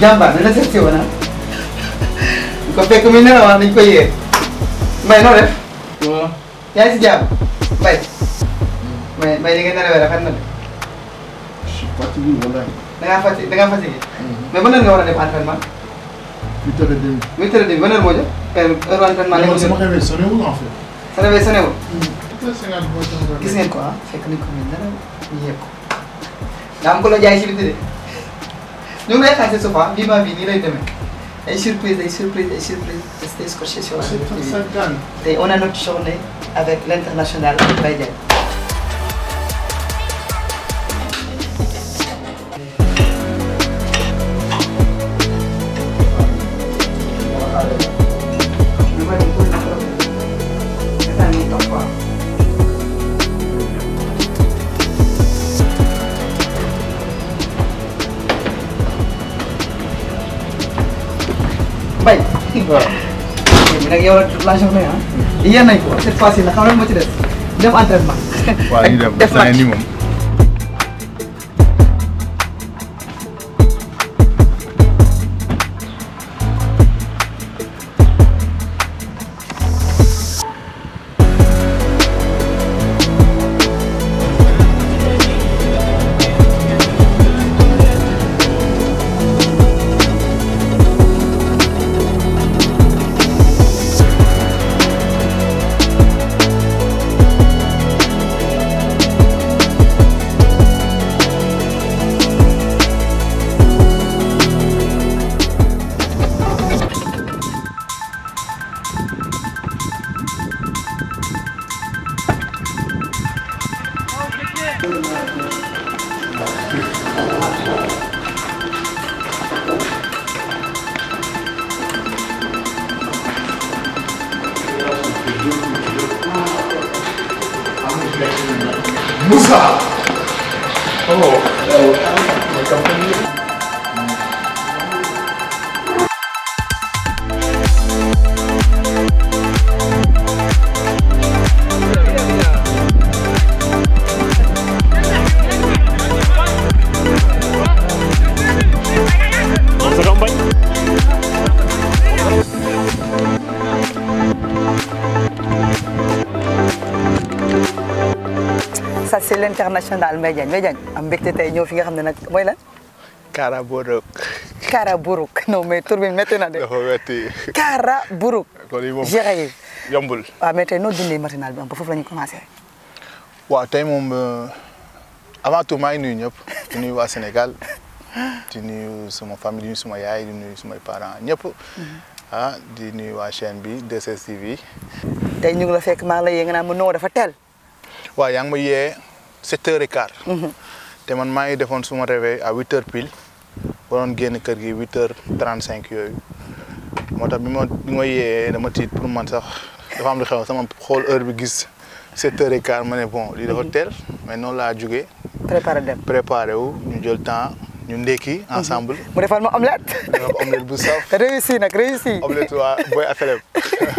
jàmbaar dina seet si woon ko fekk mi ne la wax ko yee Mbaye noo def. waaw yaa ngi si jàmm Mbaye. Mbaye Mbaye li nga nelawee na de. fatigue bi walaay. da ngaa fatigue da ngaa fatigué. mais ban heure nga war a def entraînement. huit heures et demie. huit ma sama réveil sonnéwul en fait. ko ah fekk ko muy nelaw ñu yegg ko. daa am ko la jaay si biti ñu ngi lay xaase souvent Viva bi nii lay demee ay surprise ay surprise ay surprise restez scotchés e sur la télé. on a notre journée avec l'international Baye Diagne waaw. léegi nag yow rek la journée ah. yéen nañ ko cette fois ci nag xam nga moo ci des dem entraînement. waaw ñu dem ba saa ni c'est l'international Mbaye Diagne Mbaye Diagne am mbégte tey nga xam ne nag mooy lan. Kara Buruk. Kara Buruk non mais tur bi na de. dafa métti. Kara Buruk. kon yi moom yombul. waaw mais tey noo dundee matinal bi am ba foofu la ñu commencé. waaw tey moom euh, avant tout maa ngi ñëpp di nuyu waa Sénégal di nuyu sama famille di yaay di nuy samay parents mhm. ah, waa chaîne bi 2STV. tey ñu ngi la fekk maa ngi lay yee nga naan ma non dafa teel. waaw yaa yee. sept heures et mhm. te man maa ngi defoon suma réveil à huit heures pile ba doon génn kër gi huit heures trente cinq yooyu moo tax bi ma bi ma yee dama tiit pour man sax dafa am lu xew sama xool heure bi gis sept heures et ma ne bon lii dafa mhm. teel mais noonu laa jugee. préparé dem préparé wu ñu jël temps. ñu ndekki ensemble. mu defal ma omelette. omelette bu saf. réussi nag réussi. omelette waa booy affaire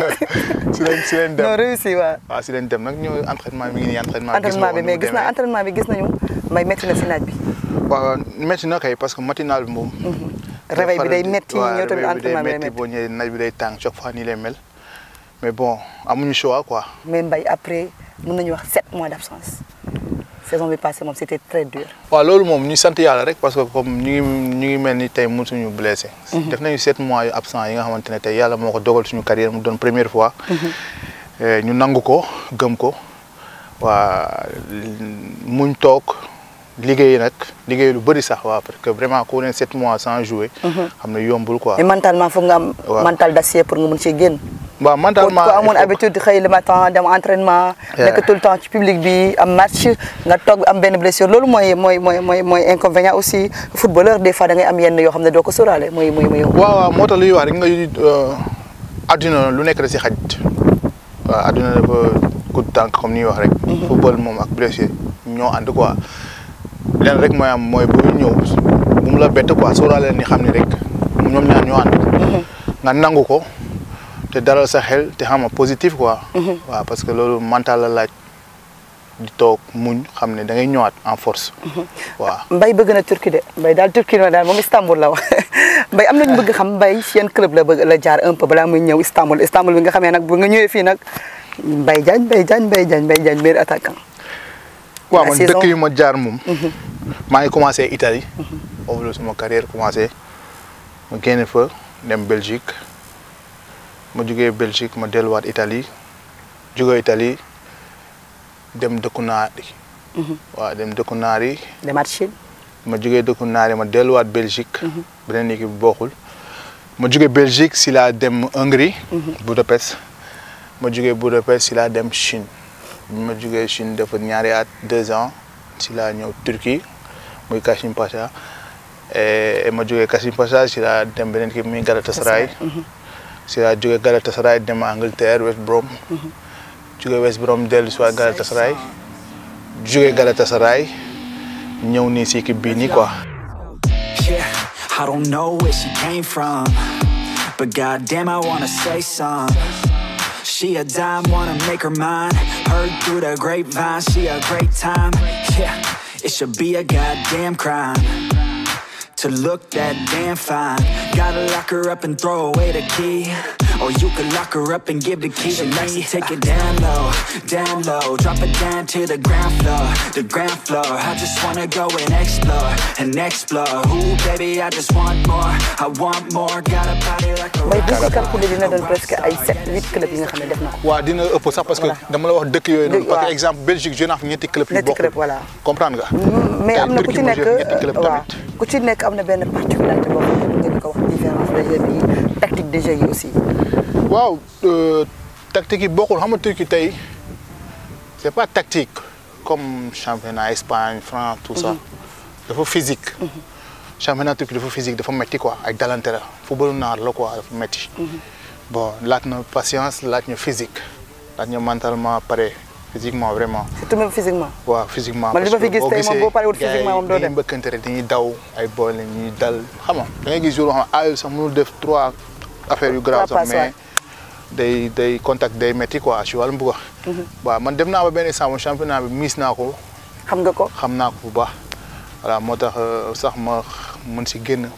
si leen si leen dem non réussi waaw. waaw si leen dem nag bi ñu ngi bi mais gis naa entraînement bi gis nañu may métti na si naaj bi. waaw na kay parce que matinal bi moom. Mhm. réveil bi day métti ñëw tamit day métti boo ñëwee naaj bi day tàng chaque fois nii lay mel mais bon amuñu choix quoi. mais Mbaye après mën nañu wax sept mois d' absence. saison bi passée moom très dur. waaw loolu moom ñu sant yàlla rek parce que comme ñu ngi ñu mel ni tey mosuñu blessé. Mhm. def nañu sept mois yu absent yi nga xamante ne tey yàlla moo ko dogal suñu carrière mu doon première fois. Mhm. Eh, ñu nangu ko gëm ko waa muñ toog. liggéey nag liggéey lu bëri sax waaw parce que vraiment ku ne sept mois sans jouer. Mhm. xam ne yombul quoi. mais mentalement foog nga am. mental d'acier pour nga mën see génn. waaw mentalement ku amoon habitude xëy le matin dem entraînement. nekk tout le temps ci public bi am match nga toog am benn blessure loolu mooy mooy aussi footballeur des fois da am yenn yoo xam ne doo ko sóoraale mooy mooy mooy. waaw waaw moo tax luy wax rek nga euh, adduna lu nekk da si xaj. waaw adduna dafa gudd tànk comme ni ñuy wax rek. Mhm. football moom ak blessure ñoo leen rek mooy am mooy bu ñëw bu mu la bett quoi sóoraale ni xam ni rek ñoom ñaar ñoo ànd mhm. nga nangu ko te dalal sa xel te xam nga positif quoi mhm. parce que loolu mental la laaj di toog muñ xam ne da ngay ñëwaat en force mhm. waaw ah, Mbaye bëgg na Turquie de Mbaye daal Turquie na daal moom Istanbul la wax Mbaye am nañu bëgg xam Mbaye si club la bëgg la jaar un balaa muy ñëw Istanbul Istanbul bi nga xamee nag bu nga ñëwee fii nag Mbaye Diagne Mbaye Diagne Mbaye Diagne Mbaye Diagne meilleur waaw man dëkk yu ma jaar moom. Mhm. maa ngi commencé Italie. foofu la sama carrière commencé ma génne fa dem Belgique ma jugee Belgique ma delluwaat Italie jugee dem dëkku naar yi. Mhm. dëkku naar ma jugee dëkku naar yi ma delluwaat Belgique. Mhm. beneen équipe bokkul. ma jugee Belgique si laa dem Hongrie. Budapest ma jugee Budapest si laa dem Chine. ñu ma jugee Chine dafa ñaari at deux ans si laa ñëw Turquie muy Kachim Pacha et ma jugee Kachim Pacha si laa dem beneen kii muy Galatasaray. si mhm. laa jugee Galatasaray dem Angleterre West Brom. Mhm. jugee West Brom dellu si waat Galatasaray. jugee nii si équipe bii nii Heard through the grapevine, she a great time. Yeah, it should be a goddamn crime to look that damn fine. Gotta lock her up and throw away the key. Or you can lock her up and give the key to me to take it down low, down low Drop it down to the ground floor, the ground floor I just wanna go and explore, and explore Ooh baby, I just want more, I want more Got a body like a rock Mbay Boubacar Koundé dina doon presque ay 7, 8 club yi nga xam ne def na ko waaw dina ëpp sax parce que dama la wax dëkk yooyu noonu parce que exemple Belgique joué naa fa ñetti club yu bokk voilà comprendre nga mm, mais am na ku ci nekk waaw ku ci nekk am na benn particularité boo xam ne ko wax différence région yi ak déjà yi aussi. waaw euh, tactique yi bokkul xam nga Turquie tey c'est pas tactique comme championnat Espagne France tout ça. Mhm. dafa physique. Mhm. championnat Turquie dafa physique dafa metti quoi ay dalante la football naar la quoi dafa metti. Mhm. bon laaj na patience laaj na physique laaj na mentalement pare physiquement vraiment. surtout même physiquement. waaw physiquement. ma fi da ngay gis jour yoo def trois. affaire yu grave sax mais day day contact day métti quoi si wàllum mhm. bëggoon. waaw man dem naa ba benn instant championnat bi miis naa ko. xam nga ko xam naa ko bu baax. voilà moo tax euh, sax ma mun si génn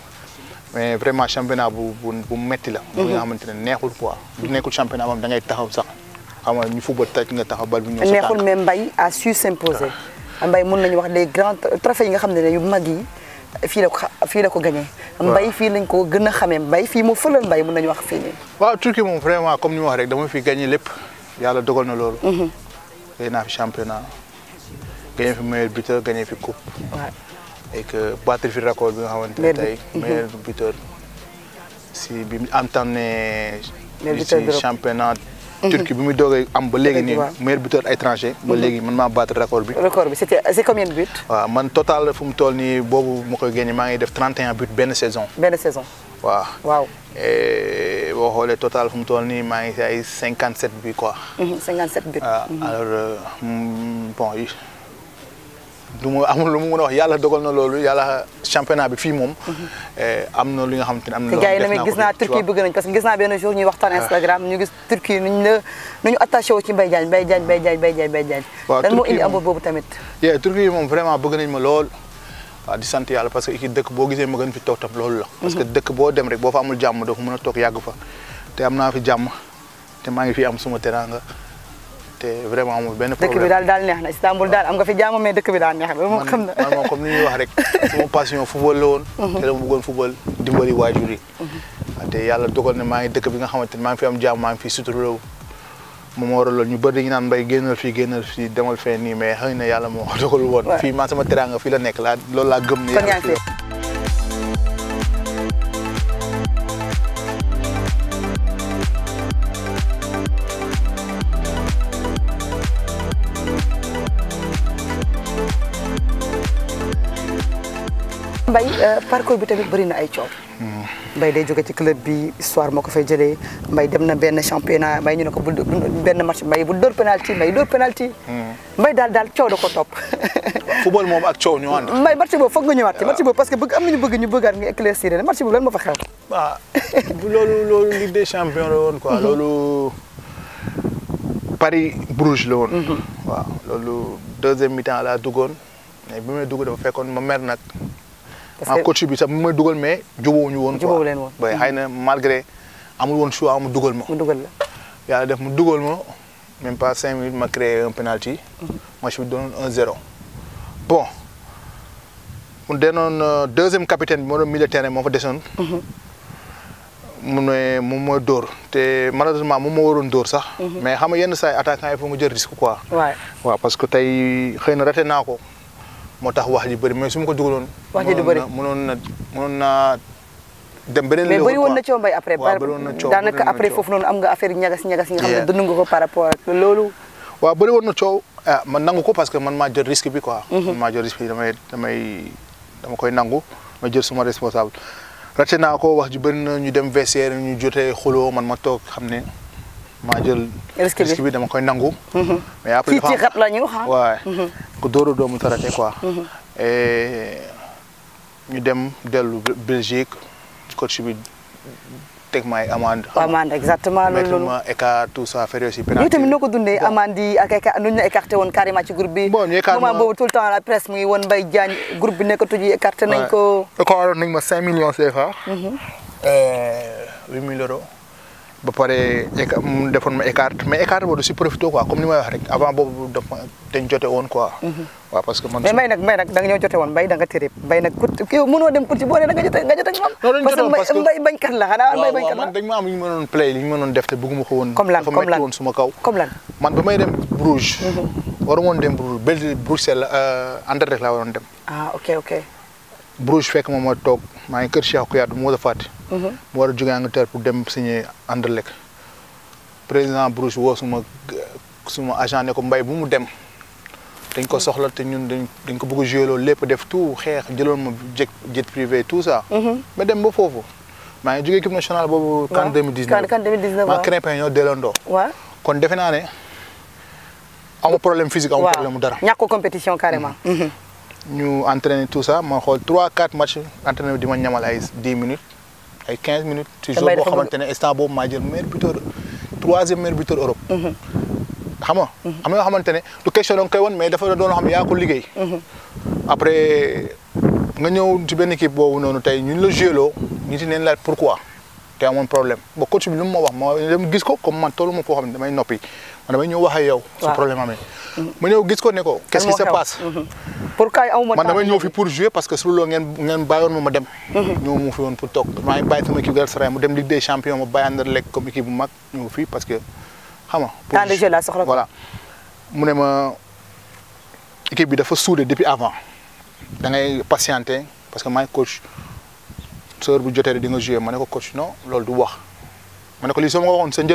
mais vraiment championnat bu bu bu métti la. bu mhm. nga xamante ne neexul quoi. du nekkul championnat moom da ngay taxaw sax xam nga ñu football taj nga taxaw bal bi ñëw sa tànk. neexul mais Mbaye a su s'imposer. Ah. Mbaye mën nañu wax des grands euh, trophées yi nga xam ne yu mag yi. fii la ko fii la ko gañee mbay fii lañ ko gën a xamee mbay fii moo fëlal mbay mën nañu wax fii nii waaw Turquie moom vraiment comme ni ma wax rek dama fi gagné lépp yàlla dogal na loolu mhm. gagné naa fi championnat gagné fi meilleur buteur gagné fi coupe et que battre fi record bi nga xamante ne tey mhm. meilleur si bi am tànnee ci championnat Mm-hmm. Turquie bi muy doogee am ba léegi nii meilleur buteur étranger ba mm-hmm. léegi man maa battre record bi record bi c'était c'est combien de buts man total fu mu nii boobu ma koy génne maa ngi def 31 buts benn saison benn saison waaw waaw boo xoolee total fu mu toll nii maa ngi si ay 57 buts quoi 57 mm-hmm, buts ah, alors euh, mm, du ma amul lu mu mën a wax yàlla dogal na loolu yàlla championnat bi fii moom. e am na lu nga xamante ne am na. loo gis naa Turquie bëgg nañ parce que gis naa benn jour ñuy waxtaan ah. Instagram ñu gis Turquie nuñ wu ci Mbaye Diagne Mbaye Diagne Mbaye Diagne Mbaye Diagne Mbaye Diagne. waaw Turquie lan moo boobu tamit. yeah Turquie moom vraiment bëgg nañ ma lool. waaw di sant yàlla parce que équipe dëkk boo gisee ma gën fi toog tam loolu la. parce mhm. boo dem boo fa jàmm doo fa toog yàgg fa te am naa fi jàmm te maa ngi fi am suma teranga te vraiment amul benn problème dëkk bi daal daal neex na Istanbul daal am nga fi jaamu dëkk bi daal neex na. moom xam na man moom comme ni ñuy wax rek. sama passion football la woon. Mhm. te dama bëggoon football dimbali waajur yi. Mhm. Ah, te yàlla dogal ne maa ngi dëkk bi nga xamante ne maa ngi fi am jàmm maa ngi fi suturloo moom moo waraloon ñu bëri ñu naan mbay génnal fii génnal fii demal fee nii mais xëy na yàlla moo dogal woon. fii maa sama teraanga fii la nekk laa loolu laa gëm ne. Euh, parcours bi tamit bëri na ay coow. Mbaye day jóge ci club bi histoire moo ko fay jëlee Mbaye dem na benn championnat Mbaye ñu ne ko bu benn match Mbaye bu dóor penalty Mbaye dóor penalty. Mbaye daal daal coow da ko topp. football moom ak coow ñu ànd. Mbaye nga ñëwaat ci match bëgg ñu bëggaat nga éclaircir ne match boobu lan moo fa xew. waaw ah, loolu loolu Ligue des champions woon quoi mhm. loolu. Paris Bruges la woon. Mhm. waaw loolu deuxième mi-temps laa duggoon mais bi may dugg dafa fekkoon ma mer nag. parce que coach bi sax mu may dugal mais jubóowuñu woon. woon quoi xëy na amul woon choix mu dugal ma. yàlla def mu dugal ma mhm. mu denoon euh, deuxième capitaine bi moo doon milieu terrain moo fa desoon. Mhm. mu ne moom mooy dóor te malheureusement moom moo waroon dóor sax. Mhm. mais xam yenn saa yi attaquant yi nga jël risque quoi. waaw parce que tey xëy na raté naa ko. moo tax wax ji bëri mais su ma ko dugaloon. wax ji du bëri mënoon na mënoon naa dem beneen. mais bëri woon na coow mbay après. waaw woon na coow ko par rapport ak na coow ah man nangu ko parce que man maa jël risque bi quoi. Mhm. man jël risque bi damay damay dama koy nangu ma jël suma responsable. rate naa ko wax ji na ñu dem VCR ñu jotee xuloo man ma toog xam ne maa jël. risque bi dama koy nangu. Mhm. mais après dafa am la ah. mhm. ku dóoru doomu traité quoi. Mhm. ñu dem dellu Belgique coach bi teg ma ay amande. amande exactement loolu loolu ma écart tout ça affaire yooyu tamit noo ko dundee amande yi ak écart ñu la woon carrément ci groupe boobu tout le temps la presse mu woon Mbaye Diagne groupe bi nekkatu ji nañ ko. écarté nañ ma 5 millions CFA. 8 mhm. ba pare mu defoon ma écart mais écart boobu si profité quoi comme ni may wax rek avant boobu dafa dañ jote woon quoi. Mhm. waaw parce que man. mais mbay nag mbay nag da nga ñëw jote woon mbay da nga tere mbay nag ku kii mënoo dem ku ci boole da nga jote nga jote ak moom. parce que mbay bañkat la xanaa mbay bañkat la waaw man dañ ma am li ñu mënoon play li ñu mënoon def te bëgguma ko woon. comme lan comme lan dafa métti woon suma kaw. comme lan man ba may dem Bruges. Mhm. waru woon dem Bruges Bruxelles euh, Anderlecht laa waroon dem. ah ok ok. Bruges fekk moom ma toog maa ngi kër Cheikh Kouyaté mu war a fàtte. mu war a jóge Angleterre pour dem signer Anderlecht président Bruges woo suma suma agent ne ko mbay bu mu dem. dañ ko mhm. soxla te ñun dañ dañ ko bëgg a joué lépp def tout xeex jëloon ma jet jet privé tout ça. Mhm. ma dem ba foofu. maa ngi jóge équipe nationale boobu. CAN 2019 CAN 2019 maa Krépin ñoo delloondoo. waaw kon defe naa ne. amu problème physique amu problème mu dara. ñàkk compétition carrément. Mhm. ñu entraîner tout ça ma xool 3 4 matchs entraîner di ma ñamal ay 10 minutes ay 15 minutes. ci jour boo xamante ne instant boobu maa jël meilleur buteur troisième meilleur buteur Europe. Mhm. xam nga. Mhm. am na yoo xamante ne du question da nga koy mais dafa doon xam yaa ko liggéey. Mhm. après nga ñëw ci benn équipe boobu noonu tey ñun la joué loo ñu neen laaj pourquoi te amoon problème ba coach bi lu ma wax ma dem gis ko comme man tollu ma foo xam ne noppi. man damay ñëw wax ak yow. su problème amee. ma ñëw gis ko ne ko. qu'est-ce qui se passe. Mhm. pour kaay aw ma man damay ñëw fi pour jue parce que su loolu ngeen ngeen bàyyoon ma ma dem. Mhm. ñëw mu fi woon pour toog maa ngi bàyyi sama équipe Galatasaray mu dem Ligue des champions ma bàyyi Anderlecht ñëw fii parce que xam nga. pour temps de la soxla voilà mu ne ma équipe bi dafa suude depuis avant da ngay patienter parce que maay coach seur bu jotee di nga jouer ma ne ko coach non loolu du wax. ma ne ko lii soo ma ko kon xëy na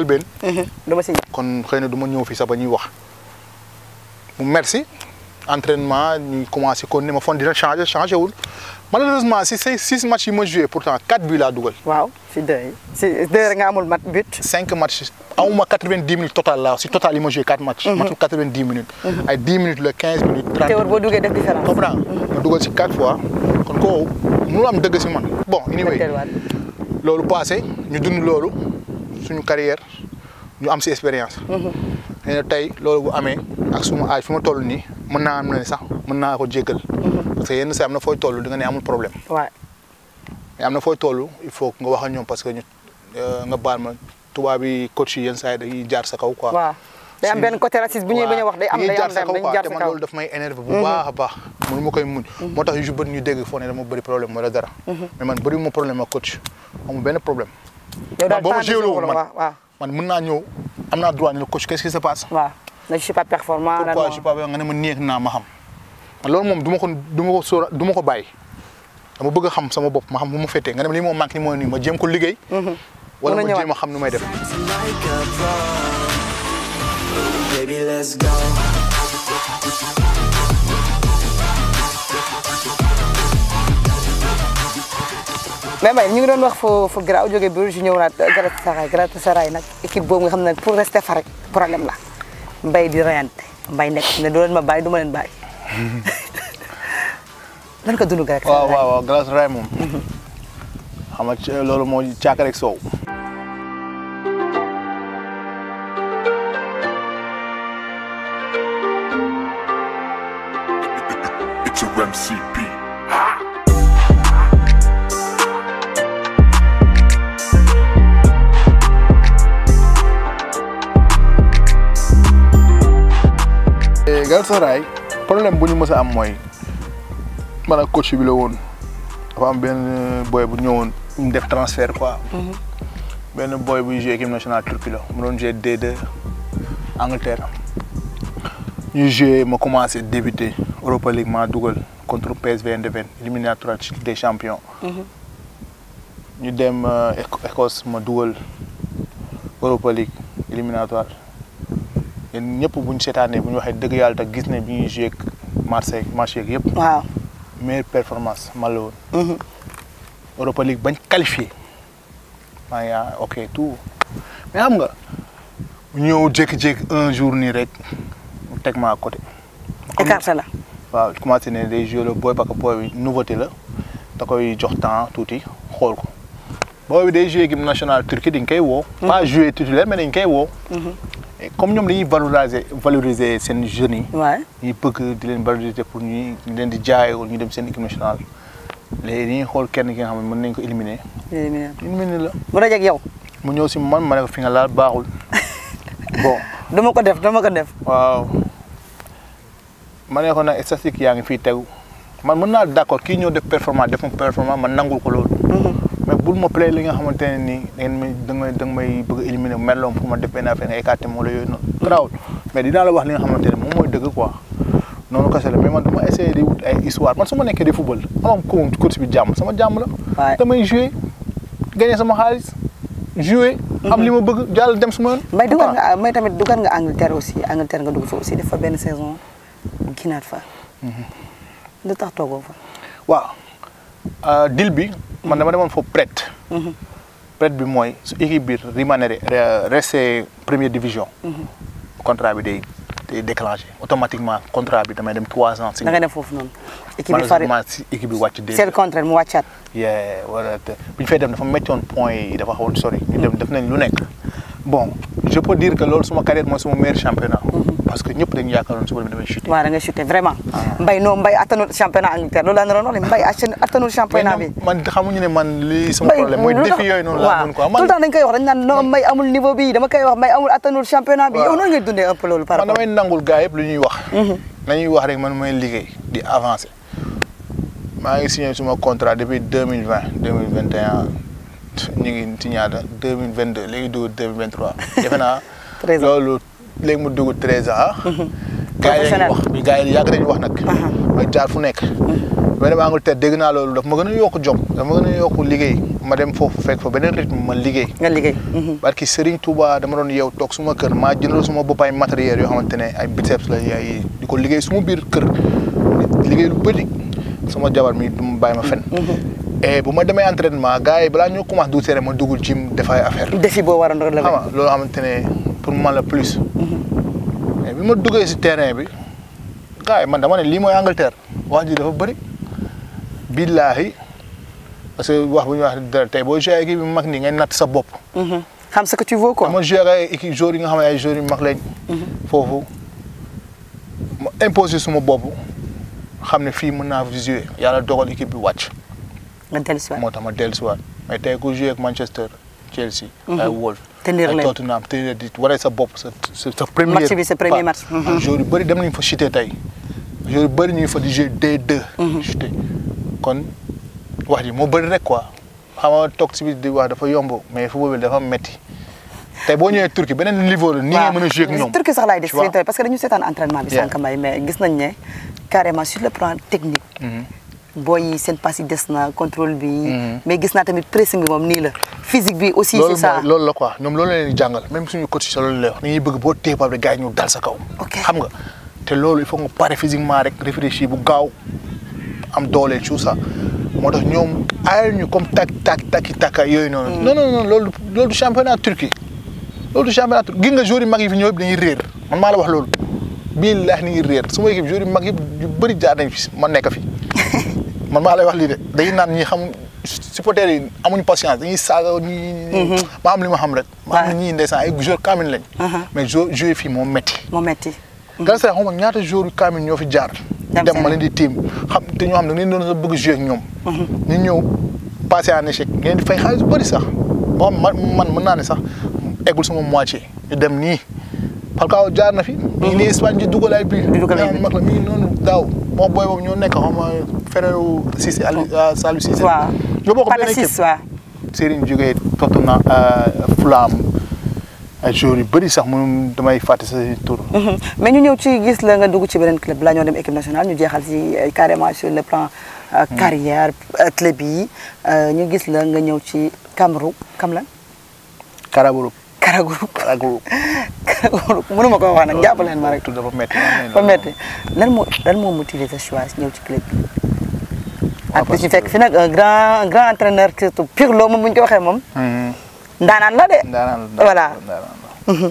du ma fii sax ba ñuy wax. mu merci entraînement ñu commencé kon ni ma fon dina changé changé wul malheureusement si say six ma joué pourtant quatre laa dugal. waaw si deux yi si deux nga amul mat but. cinq matchs la si total yi ma joué quatre matchs. matul quatre-vingt-dix minutes. ay dix minutes la quinze minutes. trente minutes boo am dëgg si man. bon anyway loolu passé ñu dund loolu. suñu carrière ñu am si expérience. Mhm. tey loolu bu amee ak suma aaj fu ma toll nii man naa am ne sax mën naa ko jéggal. Mhm. parce que yenn saa am na fooy toll di nga ne amul problème. na fooy toll il faut nga wax ak parce que ñu euh, nga baal ma tubaab yi coach yi yenn saa yi jaar sa kaw quoi. waaw day am benn côté raciste a wax day am day sa kaw te man a mhm. baax. mënu koy muñ. moo tax ñu dégg foo ne dama bëri problème wala dara. mais man bëri ma problème ak coach amul benn problème. yow daal temps de man waaw man mën naa ñëw am naa droit ne la coach qu'est-ce qui se passe. waaw ne je suis pas performant. pourquoi je suis pas nga ne ma neex naa ma xam. man loolu moom du ma ko du ma ko sóora du ma ko bëgg a xam sama bopp ma xam bu ma nga ne ma lii moo manqué nii nii ma jéem ko liggéey. Mm-hmm. wala ma jéem a xam nu may def. mais may ñu ngi doon wax foo fa garaaw jógee bureau ju ñëw naat euh, Galatasaray nag équipe boobu nga xam ne pour rester fa rek problème la mbay di rayante mbay nekk ne doo ma bàyyi du ma leen bàyyi. lan ko dund Galatasaray waaw waaw waaw Galatasaray euh, loolu moo caaka rek soow. Galatasaray problème bu ñu mës a am mooy man ak coach bi la woon dafa benn boy bu ñëwoon ñu def transfert quoi. Mhm. benn boy buy joué équipe nationale Turquie la mu doon joué d Angleterre ñu joué ma commencé débuté Europa League maa dugal contre PSV Eindhoven éliminatoire des champions. Mhm. ñu dem euh, Écosse ma dugal Europa League éliminatoire. yéen ñëpp bu ñu seetaanee bu ñu waxee dëgg yàlla te gis ne bi ñuy joué marché marché yeeg yëpp. waaw meilleure performance man la woon. Mhm. Europa League bañ qualifié maa ah, ngi ok tout xam nga ñëw jékki-jékki un jour nii rek teg ma à côté. écarté la. waaw commencé ne day joué le booy parce booy nouveauté la da koy jox temps tuuti xool ko booy bi day joué équipe nationale Turquie dañ koy woo. Mhm. pas joué titulaire mais dañ koy woo. Mhm. comme ñoom dañuy valoriser valoriser seen jeunes yi. waay ñuy bëgg di leen valoriser pour ñuy leen di jaay ñu dem seen équipe nationale léegi dañuy xool kenn ki nga xam ne mën nañ ko éliminer. éliminer éliminer la. bu dajeeg yow. mu ñëw si man ma ne ko fi nga laal baaxul bon. dama ko def dama ko def. waaw ma ne ko nag statistique yaa ngi fii tegu man mën naa d' accord kii ñëw def performance def performance man nangul ko loolu. Mm-hmm. bul ma play li nga xamante ne nii da ngeen may da nga da bëgg a éliminer merloom pour ma def benn affaire nga écarté moom la yooyu noonu garaawul mais dinaa la wax li nga xamante ne moom mooy dëgg quoi noonu kese la mais man dama essayé di wut ay nekkee di football amam ko course bi jàmm sama jàmm la damay li ma bëgg jàll dem su ma yoon mais dugal nga mais tamit dugal nga Angleterre aussi Angleterre nga dugg fa aussi def fa benn saison ginaat fa mhm. lu tax toogoo fa waa euh, dil bi man dama demoon foofu prête. Mhm. prête bi mooy su équipe bi rimanere resté première division. Mhm. contrat bi day day déclenché automatiquement contrat bi damay dem trois ans. da nga dem foofu noonu. équipe bi fari malheureusement si équipe bi wàcc. seen contrat mu wàccaat. wala te bu ñu fay dem dafa méttoon point yi dafa xawoon sori. def nañ lu nekk. bon je peux dire que loolu suma carrière mooy suma meilleur championnat. Mhm. parce que ñëpp dañu yaakaaroon suba damay chuté. waaw da nga vraiment. Ah. Mbaye non Mbaye attanul championnat Angleterre man xamuñu ne man lii sama problème mooy défi yooyu noonu laa doon man tout le temps dañu koy man damay nangul gars yëpp lu ñuy wax. Mhm. nañuy wax rek man mooy liggéey di avancer maa ngi signé suma contrat depuis deux mille août ñu ngi ci ñaata deux mille vingt deux léegi dugg deux mille vingt trois defe naa. treize ans loolu léegi mu dugg treize ans. yi yàgg nañu wax nag. may jaar fu nekk. ma dem Angleterre dégg naa loolu daf ma gën a yokk jom daf ma gën yokk liggéey ma dem foofu fekk fa beneen rythme ma liggéey. nga liggéey. parce que Serigne Touba dama doon yow toog suma kër maa jëndal suma bopp ay matériels yoo xamante ne ay biceps la ay di ko liggéey suma biir kër liggéey lu bëri sama jabar mi du ma bàyyi ma fen et eh, bu ma demee entraînement gars yi balaa ñu commencé dugg terrain ma dugg gym def ay affaire défi boo waroon relever xam nga loolu xamante ne pour ma la plus. Mhm. mais bi ma duggee si terrain bi gars yi man dama ne lii mooy Angleterre wax ji dafa bëri. billaahi parce que wax bu ñuy wax dara tey boo joué équipe bi mag nii ngay natt sa bopp. Mhm. xam ce ma joué ay équipe joueurs yi nga xam ne ay yu mag lañ. Mhm. foofu ma imposé suma bopp xam ne fii mën naa joué yàlla dogal équipe bi wàcc. nga dellusiwaat moo tax ma dellusiwaat mais tey ku joué ak Manchester Chelsea. Mhm. ay Wolves ay Tottenham tënir sa bopp sa premier. bëri mhm. dem nañu fa chuté tey joueur yu bëri fa di joué d mhm. kon wax ji moo bëri rek quoi xam nga toog si biir di wax dafa yomb mais football bi dafa metti tey a joué ak ñoom Turquie sax laay des parce que dañu seetaan entraînement bi. sànq may gis nañ ne carrément sur le plan technique. booy yi seen passe yi des na contrôle bi. Mhm. mais gis naa tamit pressing bi moom nii la. physique bi aussi c'est ça loolu la quoi ñoom loolu la leen di jàngal même suñu coach sa loolu lay wax. dañuy bëgg boo sa kaw. xam nga te loolu il faut nga pare physiquement rek réfléchir bu gaaw am doole tout ça moo tax ñoom aayal ñu comme tak tak taki yooyu noonu. Mm. non loolu loolu du championnat Turquie loolu du championnat Turquie gis nga joueurs mag yi fi ñëw yëpp dañuy réer man maa la wax loolu. billahi ni ngi réer suma équipe joueurs yu mag yëpp yu bëri jaar nañ fi ma nekk fi. man maa lay wax lii de dañuy naan ñi xam supporters yi amuñu patience dañuy saaga ñi ma mhm. am li ma xam rek ma am ñii ndeysaan ay joueur kaamil lañ uh-huh. mais jou fii moo métti moo métti mm-hmm. Galsen xam nga ñaata joueur kaamil ñoo fi jaar dem ma di tiim xam te ñoo xam ne dañ doon sa bëgg joué ak ñoom mm-hmm. ñu ñëw passé en échec ngeen di fay xaalis sax boo xam man naa ne sax eggul sama moitié ñu dem nii Falcao jaar na fi mm-hmm. ñii nii Espagne di dugal ay bi noonu daaw moom booy boobu ñoo nekk xam nga frère Cissé Aliou oh. euh, Salou Cissé. waaw ñoo bokk benn équipe waaw. Serigne jógee Tottenham euh, Flamme bari joueurs mu bëri sax moom damay fàtte sa tur. mais ñu ñëw ci gis la nga dugg ci beneen club la ñoo dem équipe nationale ñu jeexal ci euh, carrément sur le plan. Hmm. carrière club yi ñu gis la nga ñëw ci Cameroun kam Kara Group. Kara Group mënuma ko wax nag jàppale leen ma rek. dafa métti dafa lan moo lan moo motivé sa choix bi. Ah, ak su fekk fi nag un euh, grand un grand entraîneur surtout Pirlo moom bu ñu ko waxee moom. Mm-hmm. ndaanaan la de. ndaanaan la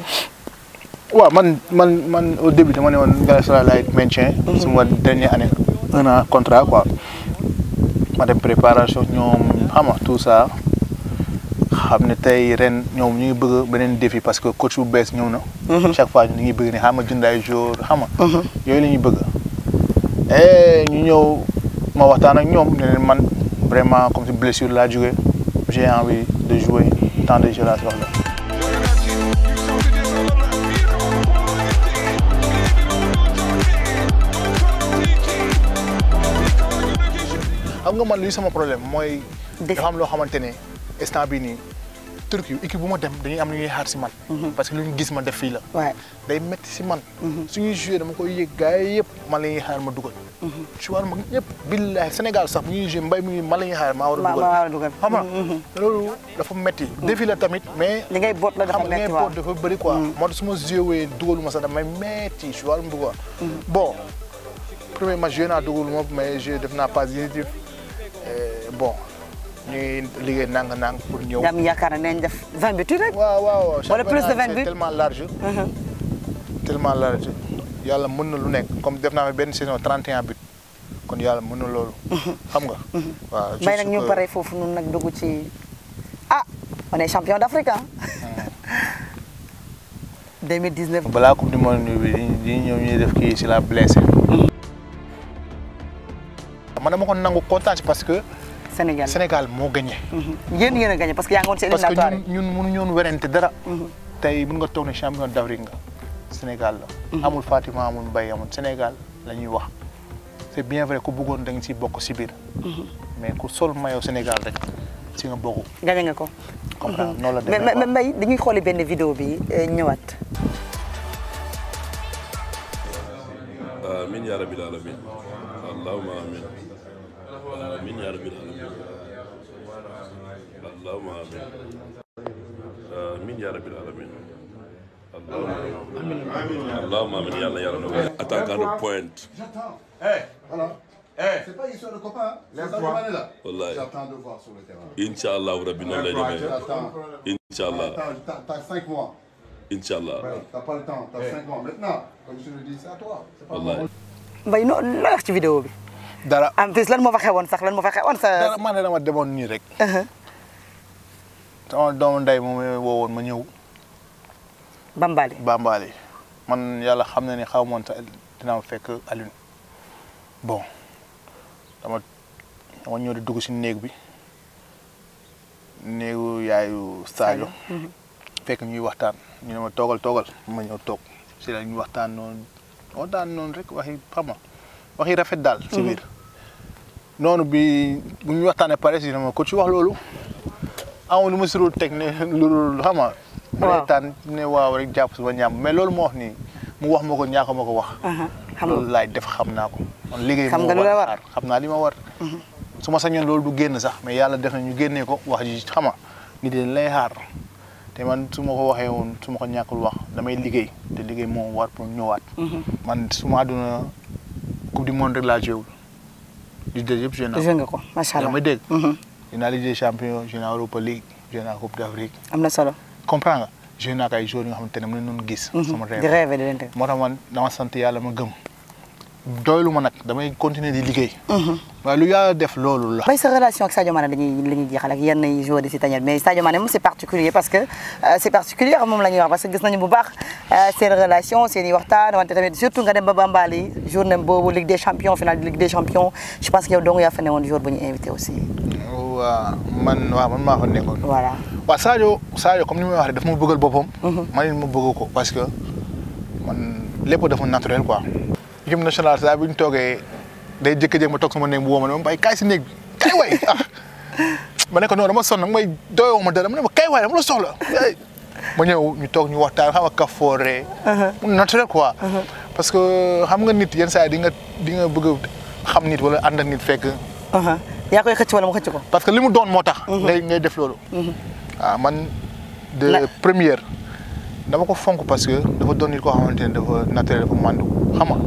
man man man au début dama ne woon Galatasaray laay maintien. Mm-hmm. suma dernière contrat quoi. ma de préparation ñoom xam tout ça. xam ne tey ren ñoom ñu ngi bëgg beneen défi parce que coach bu bees ñëw na. Mhm. chaque fois ñu ngi ni ne xam nga jënd ay xam nga. Mhm. yooyu la ñuy bëgg. Eh, ñëw ma waxtaan ak ñoom ne leen man vraiment comme si blessure laa jógee j'ai envie de jouer tant de jeux laa soxla. xam nga man luy sama problème mooy. dafa am loo xamante ne instant bii Turquie équipe bu ma dem dañuy am lu ñuy xaar si man. Mhm. parce que lu ñu gis ma def fii la. day métti mhm. ma dugal. Mhm. ma la a dugal. xam nga loolu dafa métti. défi la tamit mais. li la dafa métti waaw xam nga li ngay boot dafa bëri quoi. moo su ma joué dugaluma sax damay métti suwaar mu dugal. bon premier match ñu ngi liggéey nang-nang pour ñëw. yaa ngi na ne def vingt minutes rek. waaw waaw wala plus de vingt minutes tellement large. Uh-huh. tellement large yàlla mën na lu nekk comme def naa fi benn saison 31 but kon yàlla mën na loolu. Uh-huh. xam nga. Uh-huh. waaw juste may nag ñu pare foofu noonu nag dugg ci ah on est champion d'Afrique ah. 2019. balaa la blessé. man nangu kontaan parce que. Sénégal Sénégal moo gagné. Mhm. yéen yéen a parce que yaa ngi woon seen éliminatoire parce que ñun ñun mënuñu woon werante mhm. tey mun nga toog ne champion d'Afrique nga Sénégal la. Mhm. amul Fatima amul Mbaye amul Sénégal la wax. c' est bien vrai ku bëggoon danga nga ciy bokk si biir. mais ku sol maillot Sénégal rek si nga bokk. gagné nga ko. comprendre noonu la demee dañuy xooli benn vidéo bi euh, ñëwaat. amiin amiin yaa rabbil aalamiin allahumma amiin amiin yaa rabbil aalamiin allahumma amiin yàlla yàlla na ko attaquant de pointe eh, eh. C'est pas une histoire de copain. Wallahi. J'attends de voir sur le terrain. Inch'Allah Rabbi noonu lay demee. Inch'Allah. T'as cinq mois. Inch'Allah. T'as pas le eh. la dara en plus lan moo fa xewoon sax lan moo fa xewoon sa. dara man de dama demoon nii rek. Uh-huh. sama doomu ndey moom ma ñëw. Bambali Bambali man yàlla xam na ni xaw ma woon sax dinaa fekk Alioune bon dama dama ñëw di dugg si néeg bi néegu yaayu saayo uh-huh. fekk ñuy waxtaan ñu ne ma toogal ma ñëw toog si la ñuy waxtaan noonu waxtaan noonu rek waxi xam waxi rafet daal. si uh-huh. biir. noonu bi bu ñu waxtaanee pare si ma ko ci wax loolu amoon na ma si teg ne loolu xam nga. waaw reetaan ne waaw rek jàpp suba mais loolu moo wax nii mu wax ma ko ñaaka ma ko wax. xam loolu def xam naa ko. liggéey xam nga li la war xam naa li ma war. Mhm. su ma sañoon loolu du génn sax mais yàlla def na ñu génnee ko wax ji xama nit xaar te man su ma ko waxee woon su ma ko ñàkkul wax damay liggéey te liggéey moo war pour ñëwaat. Mhm. man su ma àdduna coupe du monde rek laa jéewul. leader yëpp joué naa joué nga ko macha allah ma dégg. joué mm-hmm. naa Ligue des champions joué naa Europa League joué naa Coupe d' am na solo comprends nga joué naa ko ay joueurs yi nga gis. Mm-hmm. di rêve moo tax man dama sant yàlla ma gëm. doylu ma nag damay continuer di liggéey. Mhm. waaye lu yàlla def loolu la. bay sa relation ak Sadio Mané dañuy dañuy jeexal ak yenn joueurs si tanière mais Sadio Mané moom c' particulier parce que euh, c' particulier moom la wax parce que gis bu baax euh, seen relation seen i waxtaan wante tamit surtout nga dem ba Bambali journée boobu Ligue des champions finale Ligue des champions je pense que yow dong yaa fa newoon jour bu ñu invité aussi. man ma wax rek daf ma bëggal équipe nationale saa bu ñu toogee day jékki-jékki ma toog sama néeg bu woo ma ne ma mbay kaay si néeg bi kaay waay ah ma ne ko dama sonn may doyoo ma dara ma ne ma kaay waay dama la soxla ma ñëw ñu toog ñu waxtaan xam nga kafoore. Uh-huh. naturel quoi. Uh-huh. parce que xam nga nit yenn saa yi nga di nga bëgg xam nit wala ànd ak fekk. Uh-huh. yaa koy xëcc ko. parce que li mu doon moo tax. ngay def loolu. waaw ah, man de première. dama ko fonk parce que dafa doon ko koo xamante ne dafa naturel dafa màndu xam nga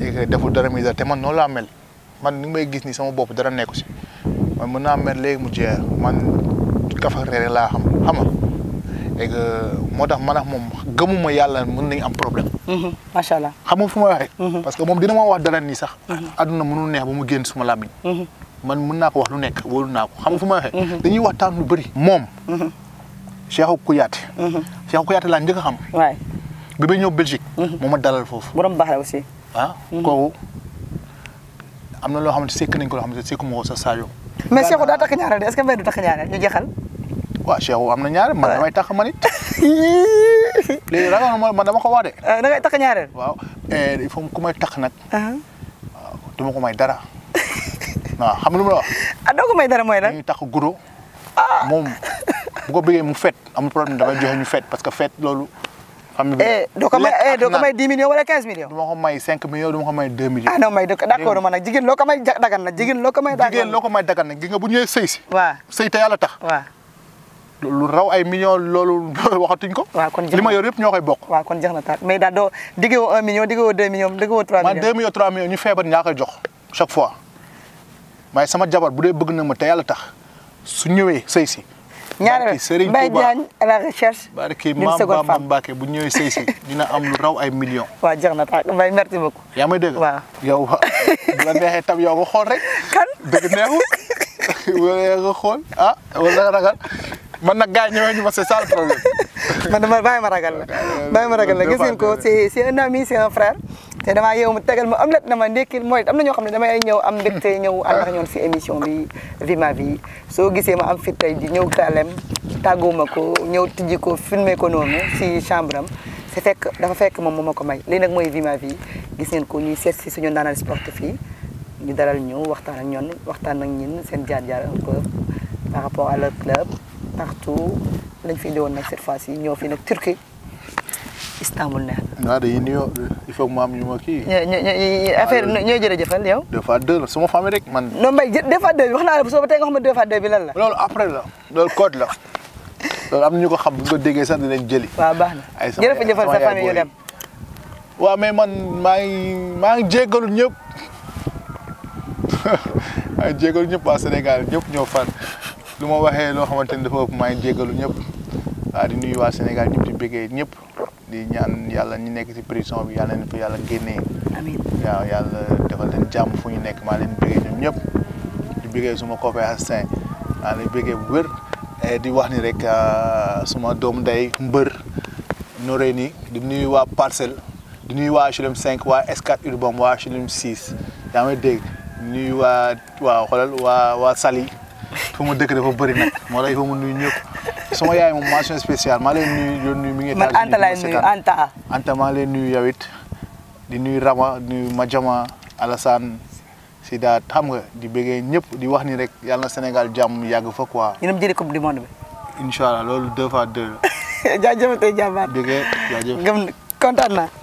et que deful dara muy dara te man noonu laa mel man ni may gis ni sama bopp dara nekku si man mën naa mel léegi mu jeex man laa xam xam nga moo tax man ak moom gëmuma yàlla mën nañ am problème. Mhm. macha allah xam nga fu ma waxee. Mhm. parce que moom dina ma wax dara nii sax. Mhm. àdduna mënul neex mu naa ko wax lu nekk wóolu naa ko xam nga fu ma waxee. dañuy waxtaan lu bëri. moom. Cheikhou Kouyaté. Yankuba Yatta laa njëkk a xam. waay bi may ñëw Belgique. Mhm. moom ma dalal foofu. borom baax la aussi. ah mhm. kooku am na loo xamante sekk nañ ko loo xamante sekk moo ko sa Sadio. mais Cheikhou daa takk ñaareel de est-ce que Mbaye am na ñaareel man damay takk man it. léegi ragal man dama ko wax de. Ah, da ngay takk ñaareel. Eh, il faut ku may takk nag. Uh-huh. waaw dama ko may dara. waaw xam lu ma la wax. ah doo ko may dara mooy lan. dañuy takk guddo. Ah. moom ko bëggee mu fet amul problème damay que fet loolu. xam nga eh, doo ko may eh, doo ko may 10 millions wala 15 millions. du ma ko may 5 millions du ma ko may 2 ah, na jigéen bu ñëwee sëy si. waaw sëy tax. lu raw ay millions loolu waxatuñ ko. waaw kon yor yëpp ñoo koy bokk. waaw kon jeex na taat mais daal doo diggewoo 1 million diggewoo 2 millions diggewoo 3 ñu feebar ñaa koy jox chaque fois waaye sama jabar bu dee bëgg na ma te yàlla tax su ñëwee sëy si ñaari Serigne Touba Mbaye Diagne à la recherche. barke maam Bamba bu ñëwee sëy si dina am lu raw ay millions. waa jeex na tax Mbaye merci beaucoup. yaa may dégg waaw yow bu la neexee tam yow nga xool rek. kan dëgg neexul wala nga xool ah ragal man na gars yi ñëwee ñu ma c'est ça problème. man dama ma ragal la bàyyi ma ragal la gis ngeen ko c'est c'est ami c'est un te damaa yow ma tegal ma omelette na ma ndékkil mooy am na ñoo xam ne damay ñëw am mbégte ñëw ànd ak ñoon si émission bi vie ma soo gisee ma am fit tey ji ñëw Kalem tàgguma ko ñëw tijji ko filmer ko noonu si chambre am si fekk dafa fekk moom moo ma ko may lii nag mooy vie ma vie gis ngeen ko ñuy seet si suñu naanal sportif yi ñu dalal ñu waxtaan ak ñoon waxtaan ak ñin seen jaar-jaar un peu par rapport à leur club partout lañ fi indi woon nag cette fois ci ñoo fi nag Turquie Istanbul neex na. waaw dañuy nuyoo il faut que mu am ñu ma kii. affaire ñoo jërëjëfal yow. deux fois deux rek man. non Mbaye jë deux fois bi wax naa la bu soo ba tey nga xam ne deux fois deux bi lan la. loolu après la loolu code loolu am ñu ko xam bu ko déggee sax dinañ jëli. waaw baax na ay sama yaay jërëjëfal sa famille waaw mais man maa ngi maa ngi jéggalu ñëpp maa ñëpp waa Sénégal ñëpp ñoo fan lu ma waxee loo xamante ni dafa maa ngi jéggalu ñëpp. waaw di nuyu waa Sénégal ñëpp di bëggee ñëpp di ñaan yàlla ñu nekk ci prison bi yàlla leen fa yàlla génnee. amiin waaw yàlla defal leen jàmm foo ñu nekk maa leen bëggee ñoom ñëpp di bëggee suma copain Hassan maa leen bëggee bu wér eh, di wax ni rek ah, suma doom day mbër noree ni di nuyu waa parcelle di nuyu waa HLM 5 waa S4 Urbam waa HLM 6 yaa may dégg nuyu waa waa xoolal waa waa Saly fu dëkk dafa bëri nag moo tax il mu nuyu ñëpp. sama yaay moom mention spéciale maa leen nuyu nuyu mi ngi man Anta laay nuyu nuyu yow di nuyu Rama nuyu Madiama Alassane Sida xam nga di bëggee ñëpp di wax ni rek yàlla na Sénégal jàmm yàgg fa quoi. ñu dem jëli coupe du monde bi. incha allah loolu deux fois deux. jaajëf tey jàmbaar. bëggee jaajëf